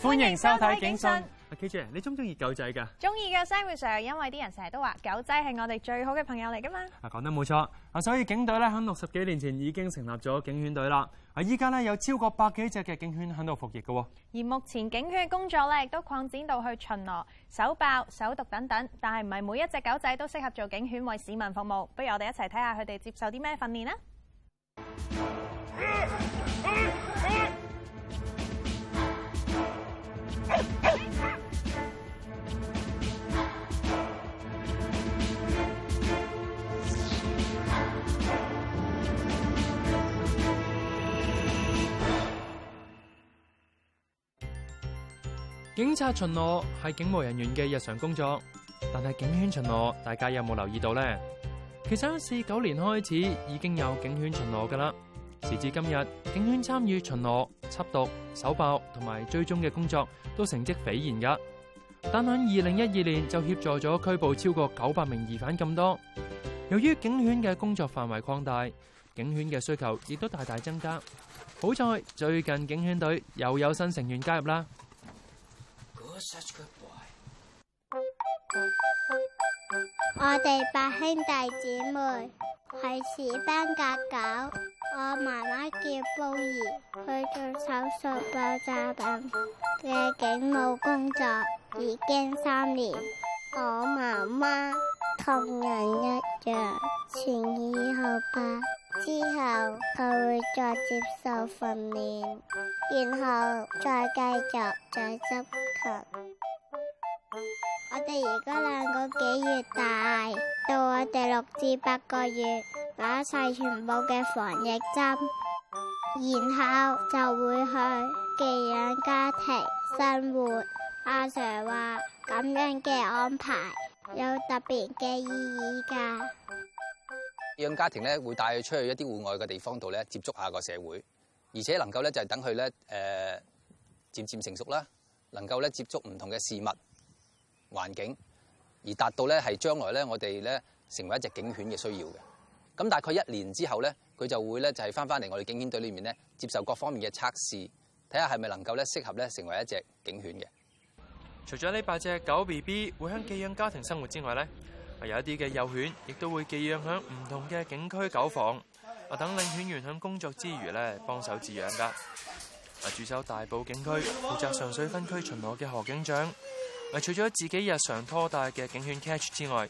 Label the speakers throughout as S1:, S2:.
S1: 歡迎
S2: 收
S3: 睇
S1: 《警訊》。K 姐，你中唔中意狗仔噶？
S3: 中意嘅 s a m u e 因為啲人成日都話狗仔係我哋最好嘅朋友嚟噶嘛。
S1: 啊，講得冇錯，啊，所以警隊咧喺六十幾年前已經成立咗警犬隊啦。啊，依家咧有超過百幾隻嘅警犬喺度服役噶。
S3: 而目前警犬嘅工作咧亦都擴展到去巡邏、搜爆、搜毒等等，但係唔係每一隻狗仔都適合做警犬為市民服務。不如我哋一齊睇下佢哋接受啲咩訓練啦。呃
S1: 警察巡邏係警務人員嘅日常工作，但係警犬巡邏，大家有冇留意到呢？其實四九年開始已經有警犬巡邏噶啦。時至今日，警犬參與巡邏、緝毒、搜爆同埋追蹤嘅工作都成績斐然噶。但喺二零一二年就協助咗拘捕超過九百名疑犯咁多。由於警犬嘅工作範圍擴大，警犬嘅需求亦都大大增加。好在最近警犬隊又有新成員加入啦。
S3: We 我哋八兄弟姊妹係士班格狗。我媽媽叫布兒，去做搜索爆炸品嘅警務工作已經三年。我媽媽同人一樣，前以後吧，之後佢會再接受訓練，然後再繼續再執。我哋而家兩個幾月大，到我哋六至八個月，打晒全部嘅防疫針，然後就會去寄養家庭生活。阿 sir 話咁樣嘅安排有特別嘅意義㗎，寄
S4: 養家庭咧會帶佢出去一啲戶外嘅地方度咧，接觸下個社會，而且能夠咧就係等佢咧誒，漸、呃、漸成熟啦。能夠咧接觸唔同嘅事物環境，而達到咧係將來咧我哋咧成為一隻警犬嘅需要嘅。咁大概一年之後咧，佢就會咧就係返返嚟我哋警犬隊裏面咧接受各方面嘅測試，睇下係咪能夠咧適合咧成為一隻警犬嘅。
S1: 除咗呢八隻狗 B B 會喺寄養家庭生活之外咧，有一啲嘅幼犬亦都會寄養喺唔同嘅警區狗房，啊等領犬員喺工作之餘咧幫手飼養㗎。駐守大埔警區負責上水分區巡邏嘅何警長，除咗自己日常拖帶嘅警犬 Catch 之外，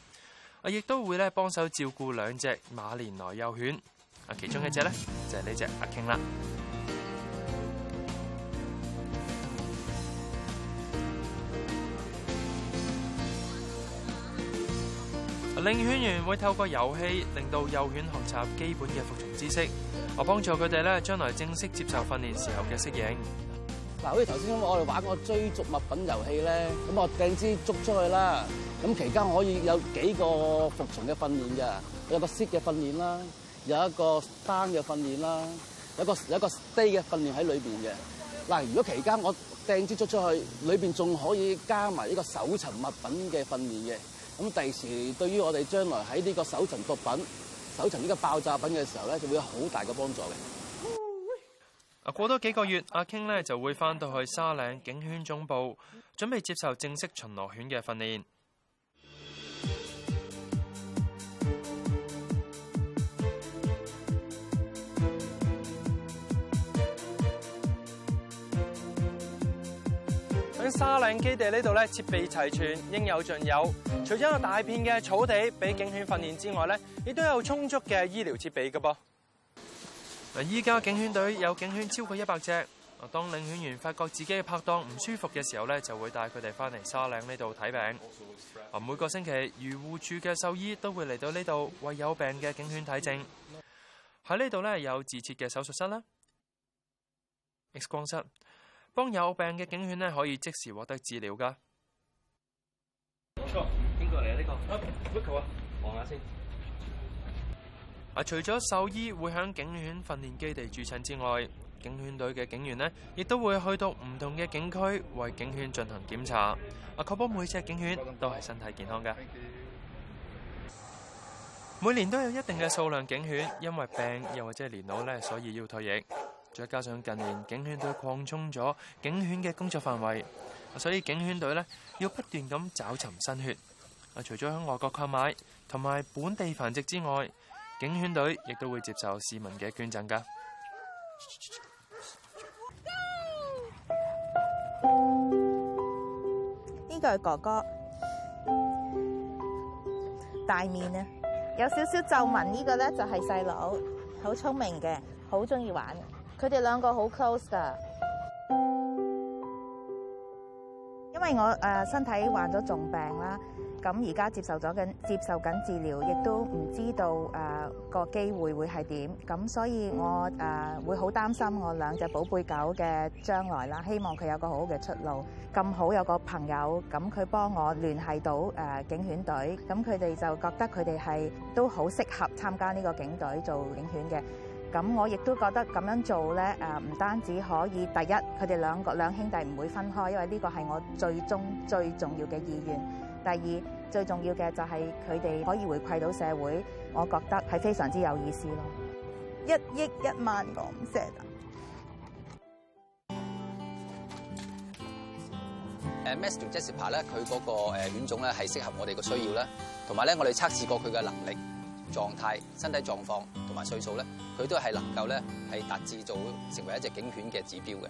S1: 我亦都會咧幫手照顧兩隻馬連來幼犬，啊，其中一隻咧就係呢隻阿 King 啦。領犬員會透過遊戲令到幼犬學習基本嘅服從知識，我幫助佢哋咧將來正式接受訓練時候嘅適應。
S5: 嗱，好似頭先我哋玩個追逐物品遊戲咧，咁我掟支捉出去啦，咁期間我可以有幾個服從嘅訓練嘅，有個 sit 嘅訓練啦，有一個 down 嘅訓練啦，有個有個 stay 嘅訓練喺裏邊嘅。嗱，如果期間我掟支捉出去，裏邊仲可以加埋一個搜尋物品嘅訓練嘅。咁第時對於我哋將來喺呢個搜尋毒品、搜尋呢個爆炸品嘅時候咧，就會有好大嘅幫助嘅。
S1: 啊，過多幾個月，阿 King 咧就會返到去沙嶺警犬總部，準備接受正式巡邏犬嘅訓練。喺沙嶺基地呢度咧，設備齊全，應有盡有。除咗有大片嘅草地俾警犬訓練之外呢，亦都有充足嘅醫療設備噶噃。嗱，依家警犬隊有警犬超過一百隻。當領犬員發覺自己嘅拍檔唔舒服嘅時候呢，就會帶佢哋翻嚟沙嶺呢度睇病。啊，每個星期，漁護處嘅獸醫都會嚟到呢度，為有病嘅警犬睇症。喺呢度呢，有自設嘅手術室啦、X 光室。幫有病嘅警犬可以即時獲得治療噶。啊，除咗獸醫會響警犬訓練基地駐診之外，警犬隊嘅警員咧，亦都會去到唔同嘅警區為警犬進行檢查，啊，確保每隻警犬都係身體健康嘅。每年都有一定嘅數量警犬因為病又或者年老所以要退役。再加上近年警犬隊擴充咗警犬嘅工作範圍，所以警犬隊呢要不斷咁找尋新血。除咗喺外國購買同埋本地繁殖之外，警犬隊亦都會接受市民嘅捐贈㗎。呢個
S3: 係哥哥大面啊，有少少皺紋。呢、呢個呢就係細佬，好聰明嘅，好中意玩。佢哋兩個好 close 噶，因為我誒身體患咗重病啦，咁而家接受咗緊接受緊治療，亦都唔知道誒、啊、個機會會係點，咁所以我誒、啊、會好擔心我兩隻寶貝狗嘅將來啦，希望佢有個好好嘅出路。咁好有個朋友，咁佢幫我聯繫到誒、啊、警犬隊，咁佢哋就覺得佢哋係都好適合參加呢個警隊做警犬嘅。咁我亦都覺得咁樣做咧，誒唔單止可以第一，佢哋兩個兩兄弟唔會分開，因為呢個係我最終最重要嘅意願。第二，最重要嘅就係佢哋可以回饋到社會，我覺得係非常之有意思咯。一億一萬港石。誒
S4: ，Master Jessica 咧，佢嗰個誒品種咧係適合我哋嘅需要啦，同埋咧我哋測試過佢嘅能力。狀態、身體狀況同埋歲數咧，佢都係能夠咧係達至做成為一隻警犬嘅指標嘅。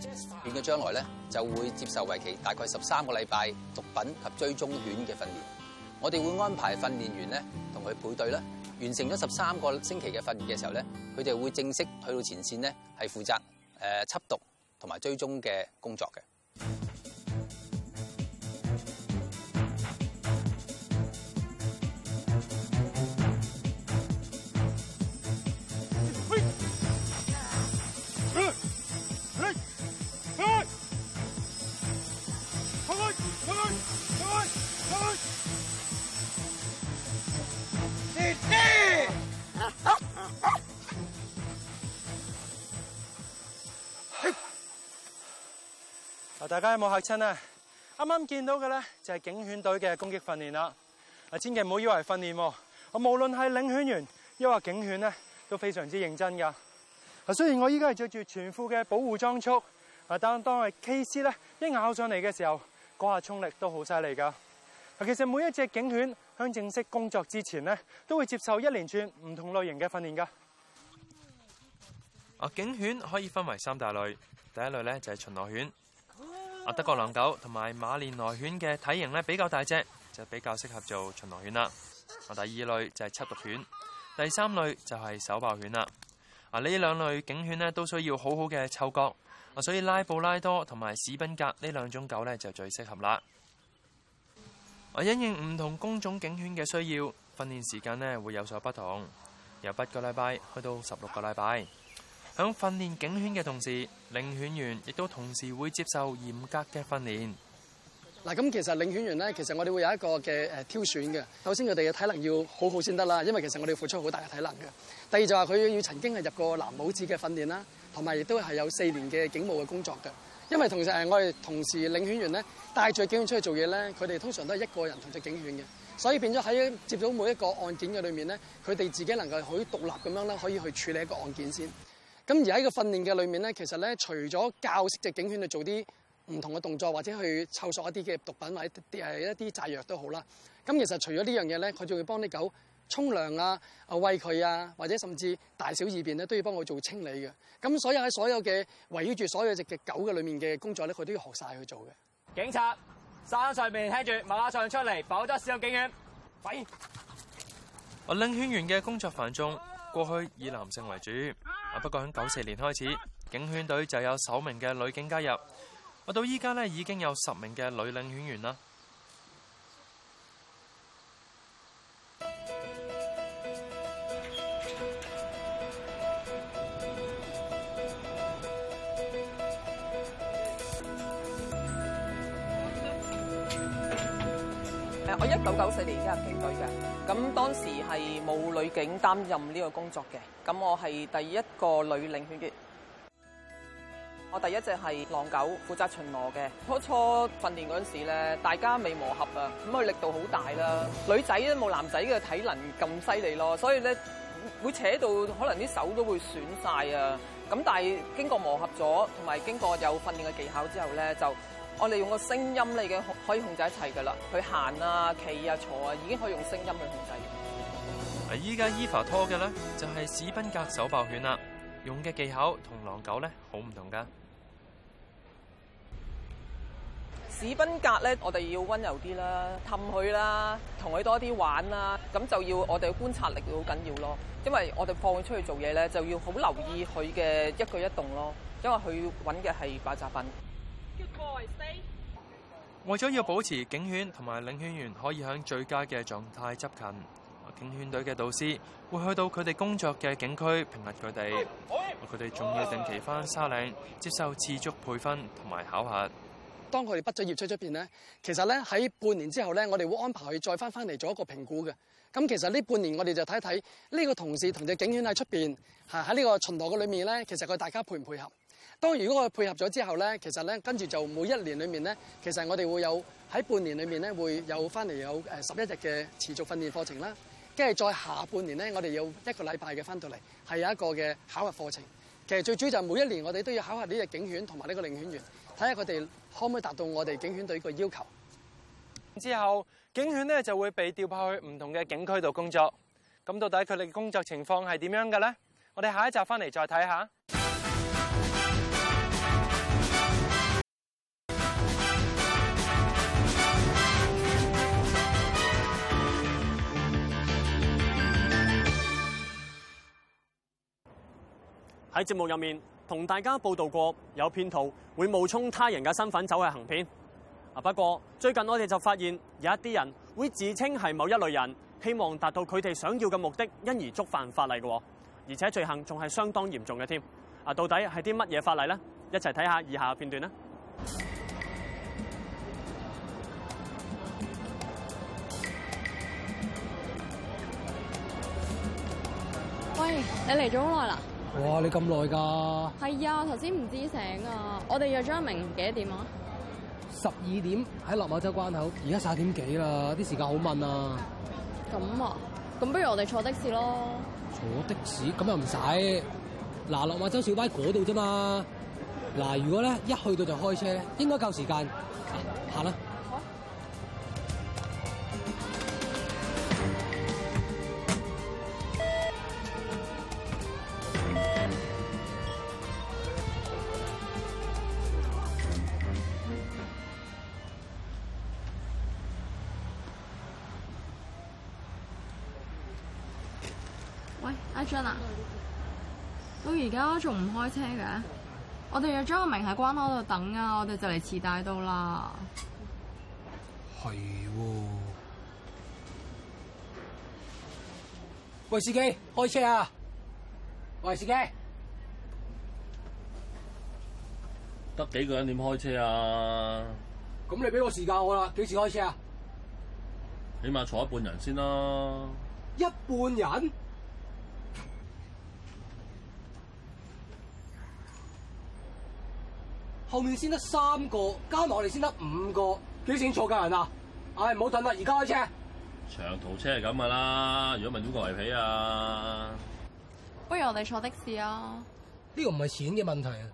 S4: 犬嘅將來咧就會接受為期大概十三個禮拜毒品及追蹤犬嘅訓練。我哋會安排訓練員咧同佢配對咧，完成咗十三個星期嘅訓練嘅時候咧，佢哋會正式去到前線呢係負責誒緝毒同埋追蹤嘅工作嘅。
S1: 大家有冇嚇親啊？啱啱見到嘅咧就係警犬隊嘅攻擊訓練啦。嗱，千祈唔好以為訓練，我無論係領犬員抑或警犬咧都非常之認真噶。嗱，雖然我依家係着住全副嘅保護裝束，但當係 KC 咧一咬上嚟嘅時候，嗰下衝力都好犀利噶。嗱，其實每一隻警犬響正式工作之前咧都會接受一連串唔同類型嘅訓練噶。啊，警犬可以分為三大類，第一類咧就係巡邏犬。德國狼狗同埋馬連萊犬嘅體型咧，比較大隻，就比較適合做巡邏犬啦。啊，第二類就係緝毒犬，第三類就係搜爆犬啦。啊，呢兩類警犬咧都需要好好嘅嗅覺，所以拉布拉多同埋史賓格呢兩種狗咧就最適合啦。啊，因應唔同工種警犬嘅需要，訓練時間咧會有所不同，由八個禮拜去到十六個禮拜。喺訓練警犬嘅同時，領犬員亦都同時會接受嚴格嘅訓練。
S5: 嗱，咁其實領犬員咧，其實我哋會有一個嘅誒挑選嘅。首先，佢哋嘅體能要好好先得啦，因為其實我哋要付出好大嘅體能嘅。第二就話佢要曾經係入過藍帽子嘅訓練啦，同埋亦都係有四年嘅警務嘅工作嘅。因為同時誒，我哋同時領犬員咧帶住警犬出去做嘢咧，佢哋通常都係一個人同隻警犬嘅，所以變咗喺接到每一個案件嘅裏面咧，佢哋自己能夠可以獨立咁樣啦，可以去處理一個案件先。咁而喺個訓練嘅裏面咧，其實咧，除咗教識隻警犬去做啲唔同嘅動作，或者去搜索一啲嘅毒品或者一啲係一啲炸藥都好啦。咁其實除咗呢樣嘢咧，佢仲會幫啲狗沖涼啊、餵佢啊，或者甚至大小二便咧都要幫佢做清理嘅。咁所有喺所有嘅圍繞住所有隻嘅狗嘅裏面嘅工作咧，佢都要學晒
S6: 去做嘅。警察山上面，聽住馬上出嚟，否則使用警犬，喂！
S1: 我領犬員嘅工作繁重。過去以男性為主，啊不過喺九四年開始，警犬隊就有首名嘅女警加入，啊到依家呢，已經有十名嘅女領犬員啦。
S4: 我一九九四年加入警隊嘅，咁當時係冇女警擔任呢個工作嘅，咁我係第一個女領犬員。我第一隻係狼狗，負責巡邏嘅。初初訓練嗰陣時咧，大家未磨合啊，咁佢力度好大啦，女仔都冇男仔嘅體能咁犀利咯，所以咧會扯到可能啲手都會損晒啊。咁但係經過磨合咗，同埋經過有訓練嘅技巧之後咧，就。我哋用個聲音嚟嘅可以控制一齊噶啦，佢行啊、企啊、坐啊，已經可以用聲音去控制。
S1: 依家 Eva 拖嘅咧，就係史賓格搜爆犬啦，用嘅技巧同狼狗咧好唔同噶。
S4: 史賓格咧，我哋要溫柔啲啦，氹佢啦，同佢多啲玩啦，咁就要我哋嘅觀察力好緊要咯，因為我哋放佢出去做嘢咧，就要好留意佢嘅一舉一動咯，因為佢揾嘅係爆炸品。
S1: 為咗要保持警犬同埋領犬員可以喺最佳嘅狀態執勤，警犬隊嘅導師會去到佢哋工作嘅警區評核佢哋，佢哋仲要定期翻沙嶺接受持續培訓同埋考核。
S5: 當佢哋畢咗業出出邊呢？其實咧喺半年之後咧，我哋會安排佢再翻翻嚟做一個評估嘅。咁其實呢半年我哋就睇睇呢個同事同隻警犬喺出邊吓喺呢個巡邏嘅裏面咧，其實佢大家配唔配合？當如果我配合咗之後咧，其實咧跟住就每一年裏面咧，其實我哋會有喺半年裏面咧，會有翻嚟，有誒十一日嘅持續訓練課程啦。跟住再下半年咧，我哋要一個禮拜嘅翻到嚟，係有一個嘅考核課程。其實最主要就每一年我哋都要考核呢隻警犬，同埋呢個領犬員，睇下佢哋可唔可以達到我哋警犬隊個要求。
S1: 之後警犬咧就會被調派去唔同嘅警區度工作。咁到底佢哋嘅工作情況係點樣嘅咧？我哋下一集翻嚟再睇下。
S6: 喺節目入面同大家報道過，有騙徒會冒充他人嘅身份走去行騙。啊，不過最近我哋就發現有一啲人會自稱係某一類人，希望達到佢哋想要嘅目的，因而觸犯法例嘅，而且罪行仲係相當嚴重嘅添。啊，到底係啲乜嘢法例呢？一齊睇下以下片段啦。喂，你嚟咗好耐啦？
S4: 哇！你咁耐㗎？
S6: 係啊，頭先唔知醒啊！我哋約咗一名幾多點啊？
S4: 十二點喺落馬洲關口，而家十點幾啦，啲時間好悶啊！
S6: 咁啊？咁不如我哋坐的士咯！
S4: 坐的士咁又唔使嗱，落馬洲小巴嗰度啫嘛！嗱，如果咧一去到就開車咧，應該夠時間。行、啊、啦！
S3: 喂，阿俊啊，到
S6: 而家仲唔開車嘅？我哋約咗阿明喺關口度等啊，我哋就嚟遲大到
S4: 啦。
S2: 係喎，
S4: 喂，司機，開車啊！喂，司機，
S6: 得幾個人點開車啊？
S5: 咁你俾個時間我啦，幾時開車啊？
S2: 起碼坐一半人先啦，
S4: 啊。一半人？後面先得三個，加埋我哋先得五個，幾錢坐架人啊？唉，唔好等啦，而家開車。
S6: 長途車係咁噶啦，如果問咗個皮皮啊，
S4: 不如我哋坐的士啊。呢個唔係錢嘅問題啊，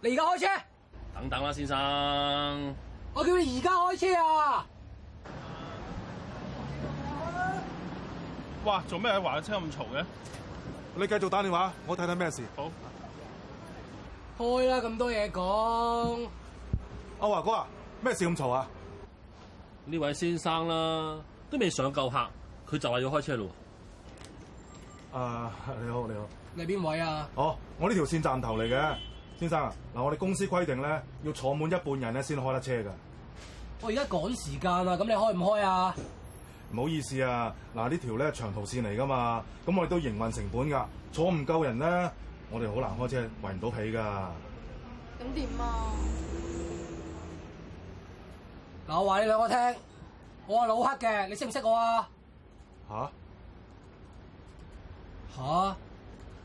S4: 你而家開車。
S6: 等等啦，先生。
S4: 我叫你而家開車啊！
S2: 哇，做咩喺華人車咁嘈嘅？你繼續打電話，我睇睇咩事。
S5: 好。開啦，咁多嘢講。
S2: 阿華、哦、哥啊，咩事咁嘈啊？呢位先生啦、啊，都未上夠客，佢就話要開車咯。啊，你好，你好。
S4: 你係邊位啊？
S2: 哦，我呢條線站頭嚟嘅，先生嗱、啊，我哋公司規定咧，要坐滿一半人咧先開得車噶。我而家趕時間啊，咁你開唔開啊？唔好意思啊，嗱、啊、呢條咧長途線嚟噶嘛，咁我哋都營運成本噶，坐唔夠人咧。我哋好難開車，圍唔到起噶。
S5: 咁點、嗯、啊？
S4: 嗱，
S5: 我話你兩個聽，我係老黑嘅，你識唔識我啊？
S4: 吓吓、啊啊！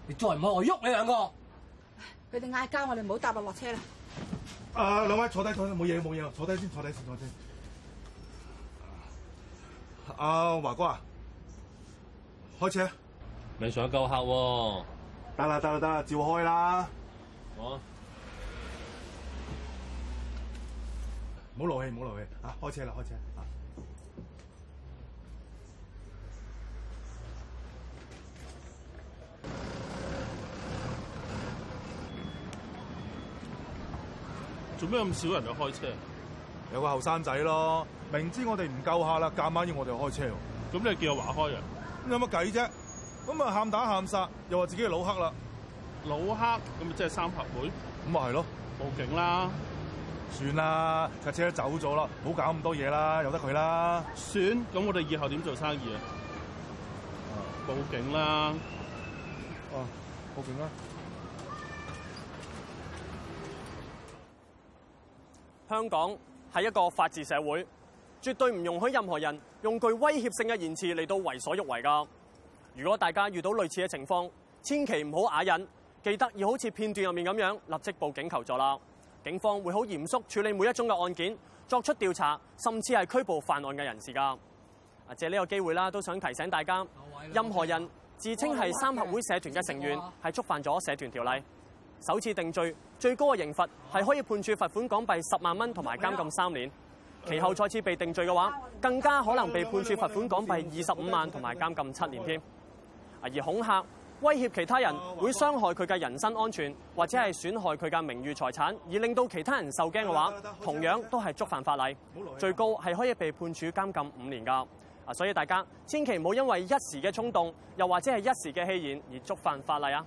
S4: 你再唔開我喐你兩
S2: 個，佢哋嗌交，我哋唔好搭落落車啦。啊、呃，兩位坐低坐冇嘢冇嘢，坐低先坐低先坐低。阿華、呃、哥啊，開車。你想救客、啊。得啦得啦得啦，照開啦！
S1: 我
S2: 唔好勞氣唔好勞氣啊！開車啦，開車啊！做咩咁少人就開車？啊、麼麼開車有個後生仔咯，明知我哋唔夠客啦，夾硬要我哋開車喎！咁你叫阿華開啊？有乜計啫？咁咪，喊打喊殺，又話自己係老黑啦，老黑咁咪即係三合會咁咪係咯，報警啦，算啦，架車都走咗啦，唔好搞咁多嘢啦，由得佢啦，算咁，我哋以後點做生意啊，
S6: 啊？報警啦，哦，報警啦！香港係一個法治社會，絕對唔容許任何人用具威脅性嘅言辭嚟到為所欲為噶。如果大家遇到類似嘅情況，千祈唔好啞忍，記得要好似片段入面咁樣立即報警求助啦。警方會好嚴肅處理每一宗嘅案件，作出調查，甚至係拘捕犯案嘅人士㗎。借呢個機會啦，都想提醒大家，任何人自稱係三合會社團嘅成員，係觸犯咗社團條例，首次定罪最高嘅刑罰係可以判處罰款港幣十萬蚊同埋監禁三年。其後再次被定罪嘅話，更加可能被判處罰款港幣二十五萬同埋監禁七年添。而恐嚇威脅其他人，會傷害佢嘅人身安全，或者係損害佢嘅名譽財產，而令到其他人受驚嘅話，同樣都係觸犯法例，最高係可以被判處監禁五年㗎。啊，所以大家千祈唔好因為一時嘅衝動，又或者係一時嘅欺騙而觸犯法例啊！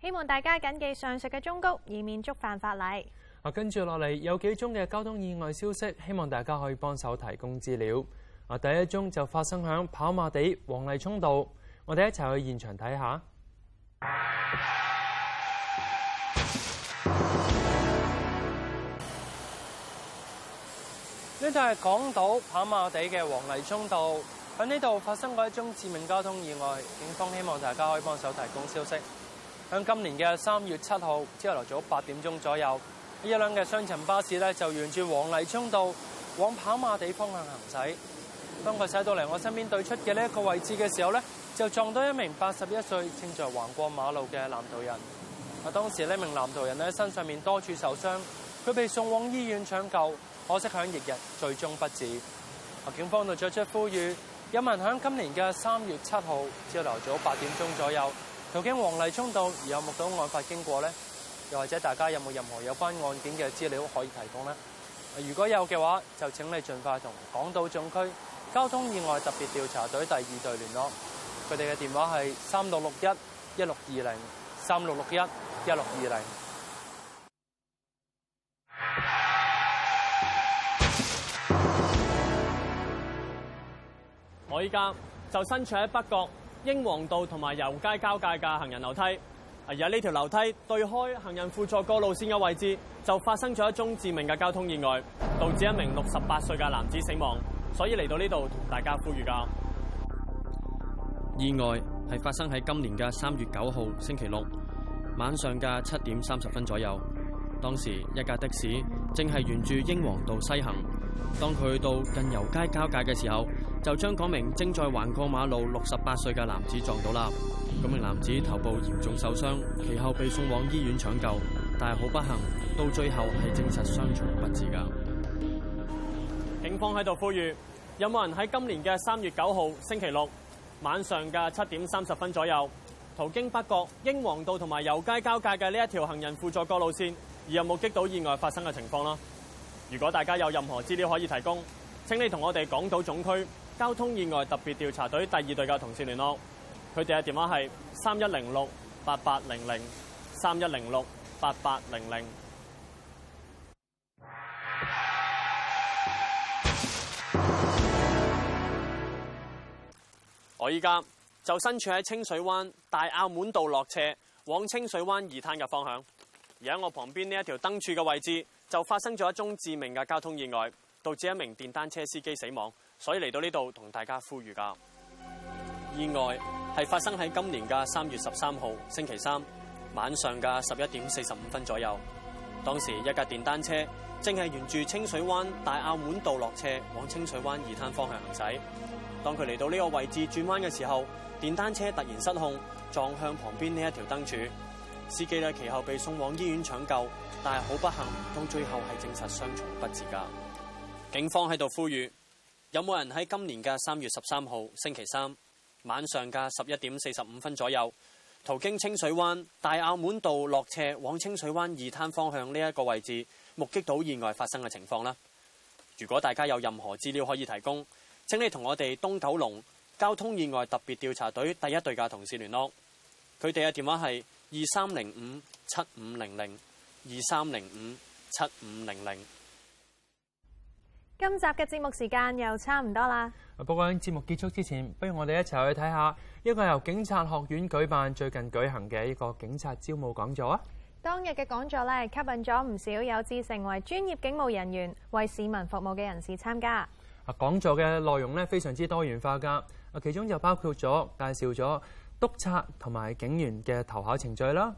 S3: 希望大家謹記上述嘅忠告，以免觸犯法例。
S6: 啊，
S1: 跟住落嚟有幾宗嘅交通意外消息，希望大家可以幫手提供資料。啊，第一宗就發生響跑馬地黃泥涌道。我哋一齊去現場睇下。呢度係港島跑馬地嘅黃泥涌道，喺呢度發生過一宗致命交通意外。警方希望大家可以幫手提供消息。喺今年嘅三月七號朝頭早八點鐘左右，呢一輛嘅雙層巴士咧就沿住黃泥涌道往跑馬地方向行駛。當佢駛到嚟我身邊對出嘅呢一個位置嘅時候咧。就撞到一名八十一歲正在橫過馬路嘅男途人。啊，當時呢名男途人咧身上面多處受傷，佢被送往醫院搶救，可惜響翌日，日最終不治。啊，警方就作出呼籲，有人響今年嘅三月七號朝頭早八點鐘左右，途經黃泥涌道而有目睹案發經過呢？又或者大家有冇任何有關案件嘅資料可以提供呢？如果有嘅話，就請你盡快同港島總區交通意外特別調查隊第二隊聯絡。佢哋嘅電話係三六六一一六二零，三六六一一六二零。
S6: 我依家就身處喺北角英皇道同埋油街交界嘅行人樓梯，而喺呢條樓梯對開行人輔助過路線嘅位置，就發生咗一宗致命嘅交通意外，導致一名六十八歲嘅男子死亡。所以嚟到呢度同大家呼籲㗎。意外係發生喺今年嘅三月九號星期六晚上嘅七點三十分左右。當時一架的士正係沿住英皇道西行，當佢到近油街交界嘅時候，就將嗰名正在橫過馬路六十八歲嘅男子撞到啦。嗰名男子頭部嚴重受傷，其後被送往醫院搶救，但係好不幸，到最後係證實傷重不治噶。警方喺度呼籲，有冇人喺今年嘅三月九號星期六，晚上嘅七點三十分左右，途經北角英皇道同埋油街交界嘅呢一條行人輔助過路線，而有冇目擊到意外發生嘅情況啦。如果大家有任何資料可以提供，請你同我哋港島總區交通意外特別調查隊第二隊嘅同事聯絡，佢哋嘅電話係三一零六八八零零三一零六八八零零。我依家就身處喺清水灣大澳門道落斜往清水灣二灘嘅方向，而喺我旁邊呢一條燈柱嘅位置，就發生咗一宗致命嘅交通意外，導致一名電單車司機死亡，所以嚟到呢度同大家呼籲㗎。意外係發生喺今年嘅三月十三號星期三晚上嘅十一點四十五分左右。當時一架電單車正係沿住清水灣大澳門道落斜往清水灣二灘方向行駛。當佢嚟到呢個位置轉彎嘅時候，電單車突然失控，撞向旁邊呢一條燈柱。司機呢，其後被送往醫院搶救，但係好不幸，當最後係證實傷重不治噶。警方喺度呼籲：有冇人喺今年嘅三月十三號星期三晚上嘅十一點四十五分左右，途經清水灣大坳門道落斜往清水灣二灘方向呢一個位置，目擊到意外發生嘅情況呢？如果大家有任何資料可以提供，請你同我哋東九龍交通意外特別調查隊第一隊嘅同事聯絡，佢哋嘅電話係二三零五七五零零二三零五七五零零。
S3: 500，今集嘅節目時間又差唔多啦。
S1: 不過節目結束之前，不如我哋一齊去睇下一個由警察學院舉辦最近舉行嘅一個警察招募講座啊。
S3: 當日嘅講座咧，吸引咗唔少有志成為專業警務人員、為市民服務嘅人士參加。
S1: 講座嘅內容咧，非常之多元化㗎，啊，其中就包括咗介紹咗督察同埋警員嘅投考程序啦，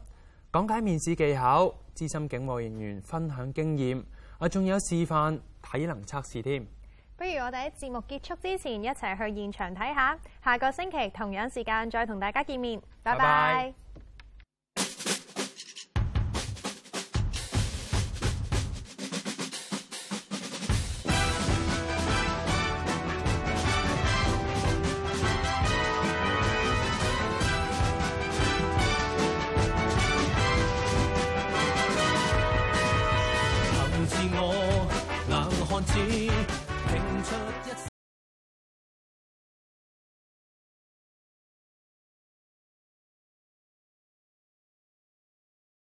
S1: 講解面試技巧，資深警務人員分享經驗，啊，仲有示範體能測試添。
S3: 不如我哋喺節目結束之前一齊去現場睇下，下個星期同樣時間再同大家見面，拜拜。Bye bye